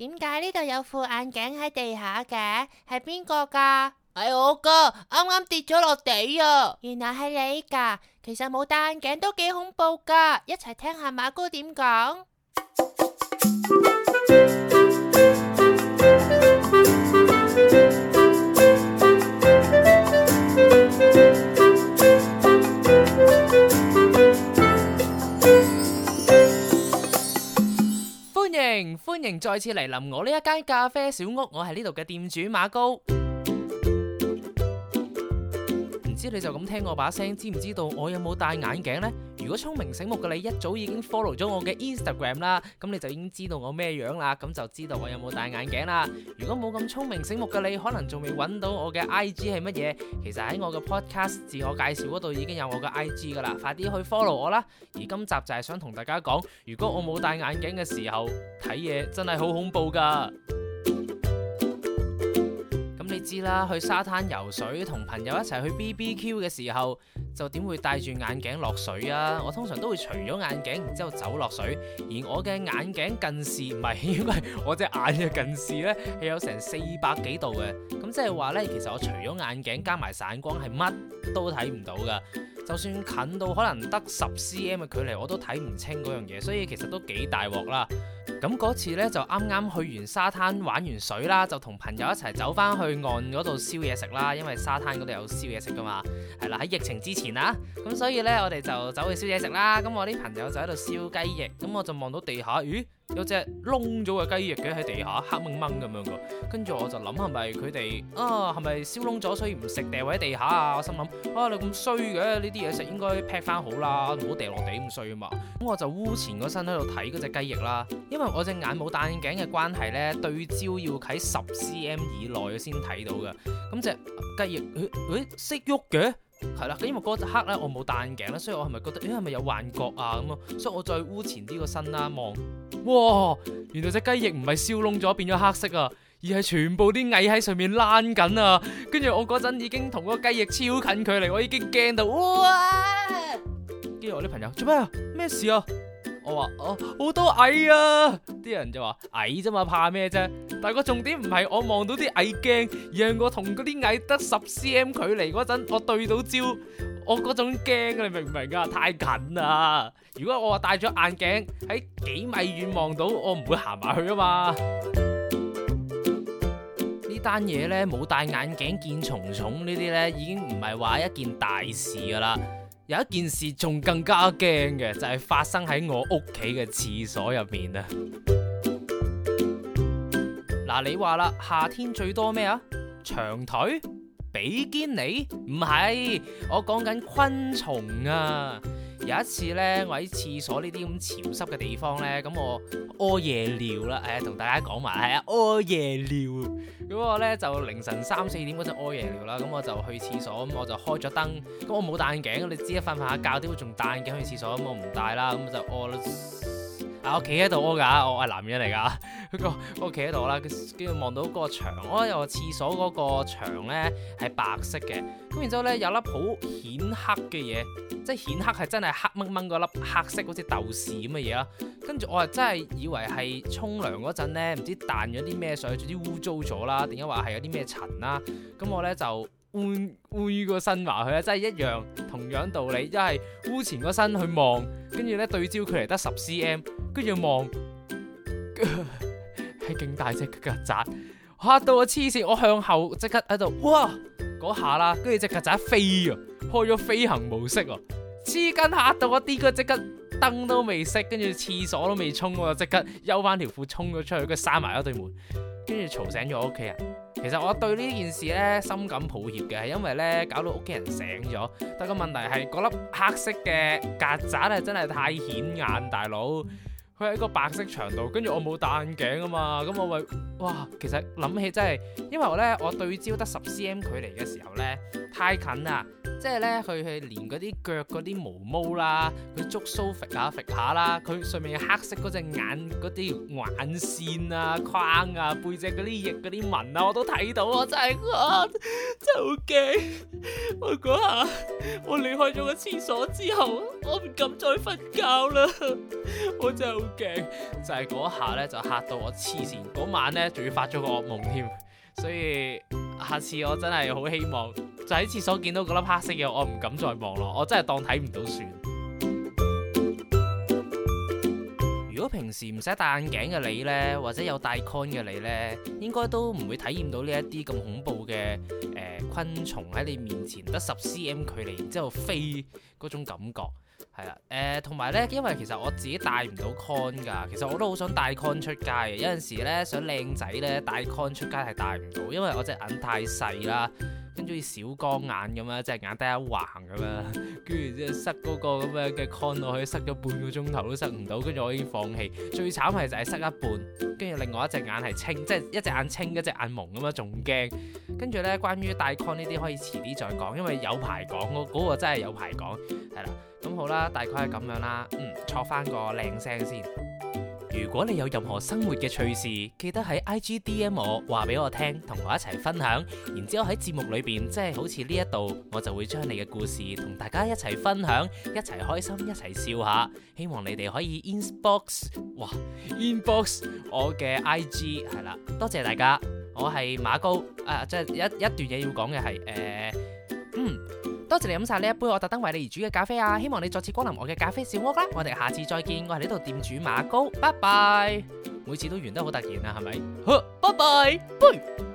點解呢度有副眼鏡喺地下嘅？係邊個噶？係我噶，啱啱跌咗落地啊！原來係你噶，其實冇戴眼鏡都幾恐怖噶，一齊聽下馬哥點講。 歡迎再次嚟臨我呢一間咖啡小屋，我係呢度嘅店主馬高。唔知你就咁聽我把聲，知唔知道我有冇戴眼鏡呢？如果聰明醒目嘅你一早已經 follow 咗我嘅 Instagram 啦，咁你就已經知道我咩樣啦，咁就知道我有冇戴眼鏡啦。如果冇咁聰明醒目嘅你，可能仲未搵到我嘅 IG 係乜嘢。其實喺我嘅 Podcast 自我介紹嗰度已經有我嘅 IG 噶啦，快啲去 follow 我啦！而今集就係想同大家講，如果我冇戴眼鏡嘅時候睇嘢真係好恐怖噶。知啦，去沙灘游水同朋友一齊去 BBQ 嘅時候，就點會戴住眼鏡落水啊？我通常都會除咗眼鏡，然之後走落水。而我嘅眼鏡近視唔係，應該係我隻眼嘅近視呢，係有成四百幾度嘅。咁即係話呢，其實我除咗眼鏡加埋散光係乜？都睇唔到㗎，就算近到可能得十 cm 嘅距離，我都睇唔清嗰樣嘢，所以其實都幾大鑊啦。咁嗰次呢，就啱啱去完沙灘玩完水啦，就同朋友一齊走返去岸嗰度燒嘢食啦，因為沙灘嗰度有燒嘢食㗎嘛。係啦，喺疫情之前啊，咁所以呢，我哋就走去燒嘢食啦。咁我啲朋友就喺度燒雞翼，咁我就望到地下，咦？有隻窿咗嘅雞翼嘅喺地下，黑掹掹咁樣嘅。跟住我就諗係咪佢哋啊，係咪燒窿咗，所以唔食掉位喺地下啊？我心諗啊，你咁衰嘅，呢啲嘢食應該劈翻好啦，唔好掉落地咁衰啊嘛。咁我就屋前個身喺度睇嗰隻雞翼啦，因為我隻眼冇戴眼鏡嘅關係咧，對焦要喺十 cm 以內先睇到㗎。咁隻雞翼佢咦識喐嘅。係啦，咁因為嗰刻咧我冇戴眼鏡咧，所以我係咪覺得，誒係咪有幻覺啊咁啊？所以我再污前啲個身啦，望，哇，原來隻雞翼唔係燒窿咗變咗黑色啊，而係全部啲蟻喺上面躝緊啊！跟住我嗰陣已經同嗰個雞翼超近距離，我已經驚到，哇！跟住我啲朋友做咩啊？咩事啊？我話哦好多矮啊，啲人就話矮啫嘛，怕咩啫？但係個重點唔係我望到啲矮鏡，而係我同嗰啲矮得十 cm 距離嗰陣，我對到焦，我嗰種驚，你明唔明啊？太近啦！如果我話戴咗眼鏡喺幾米遠望到，我唔會行埋去啊嘛。呢單嘢呢，冇戴眼鏡見蟲蟲呢啲呢，已經唔係話一件大事噶啦。有一件事仲更加驚嘅，就係、是、發生喺我屋企嘅廁所入面啊！嗱，你話啦，夏天最多咩啊？長腿比基尼？唔係，我講緊昆蟲啊！有一次咧，我喺廁所呢啲咁潮濕嘅地方咧，咁我屙夜尿啦，誒，同、哎、大家講埋，係、哎、啊，屙夜尿。咁我咧就凌晨三四點嗰陣屙夜尿啦，咁我就去廁所，咁我就開咗燈，咁我冇戴眼鏡，你知一瞓瞓下覺點會仲戴眼鏡去廁所？咁我唔戴啦，咁就屙。啊！我企喺度㗎，我係男人嚟㗎。佢我企喺度啦，跟住望到個牆，我又、啊、廁所嗰個牆咧係白色嘅。咁然之後咧有粒好顯黑嘅嘢，即係顯黑係真係黑掹掹嗰粒黑色好似豆豉咁嘅嘢啦。跟住我係真係以為係沖涼嗰陣咧，唔知彈咗啲咩水，總之污糟咗啦，定解話係有啲咩塵啦。咁我咧就換換個身埋去啊。真係一樣同樣道理，一係污前個身去望，跟住咧對焦距離得十 c m。跟住望，係勁 大隻曱甴吓到我黐線，我向後即刻喺度哇嗰下啦。跟住隻曱甴飛啊，開咗飛行模式哦，黐筋吓到我啲，跟住即刻燈都未熄，跟住廁所都未沖，我即刻休翻條褲衝咗出去，跟住閂埋一對門，跟住嘈醒咗屋企人。其實我對呢件事咧深感抱歉嘅，係因為咧搞到屋企人醒咗，但個問題係嗰粒黑色嘅曱甴係真係太顯眼，大佬。佢喺個白色牆度，跟住我冇戴眼鏡啊嘛，咁我咪，哇，其實諗起真係，因為咧我，我對焦得十 cm 距離嘅時候咧。太近啦！即係咧，佢係連嗰啲腳嗰啲毛毛啦，佢觸鬚揈下揈下啦，佢上面黑色嗰隻眼嗰啲眼線啊框啊背脊嗰啲翼嗰啲紋啊，我都睇到啊！真係，嘩，真係好驚！我嗰下我離開咗個廁所之後，我唔敢再瞓覺啦！ 我真係好驚，就係嗰下咧就吓到我黐線。嗰晚咧仲要發咗個惡夢添，所以下次我真係好希望。就喺廁所見到嗰粒黑色嘅，我唔敢再望咯，我真係當睇唔到算。 如果平時唔使戴眼鏡嘅你呢，或者有戴 con 嘅你呢，應該都唔會體驗到呢一啲咁恐怖嘅誒、呃、昆蟲喺你面前得十 cm 距離然之後飛嗰種感覺。誒同埋咧，因為其實我自己戴唔到 con 㗎，其實我都好想戴 con 出街嘅。有陣時咧想靚仔咧戴 con 出街係戴唔到，因為我隻眼太細啦，跟住好似小光眼咁啦，隻眼得一橫咁啦。跟住塞嗰個咁嘅 con 落去，塞咗半個鐘頭都塞唔到，跟住我已經放棄。最慘係就係塞一半，跟住另外一隻眼係清，即係一隻眼清，一隻眼矇咁啊，仲驚。跟住咧，關於戴 con 呢啲可以遲啲再講，因為有排講嗰嗰個真係有排講係啦。咁好啦。大概係咁樣啦，嗯，錯翻個靚聲先。如果你有任何生活嘅趣事，記得喺 I G D M 我話俾我聽，同我一齊分享。然之後喺節目裏邊，即係好似呢一度，我就會將你嘅故事同大家一齊分享，一齊開心，一齊笑下。希望你哋可以 inbox，哇，inbox 我嘅 I G 係啦，多謝大家。我係馬高，啊，即係一一段嘢要講嘅係，誒，嗯。多謝你飲晒呢一杯，我特登為你而煮嘅咖啡啊！希望你再次光臨我嘅咖啡小屋啦。我哋下次再見，我係呢度店主馬高，拜拜。每次都完得好突然啊，係咪？呵，拜拜。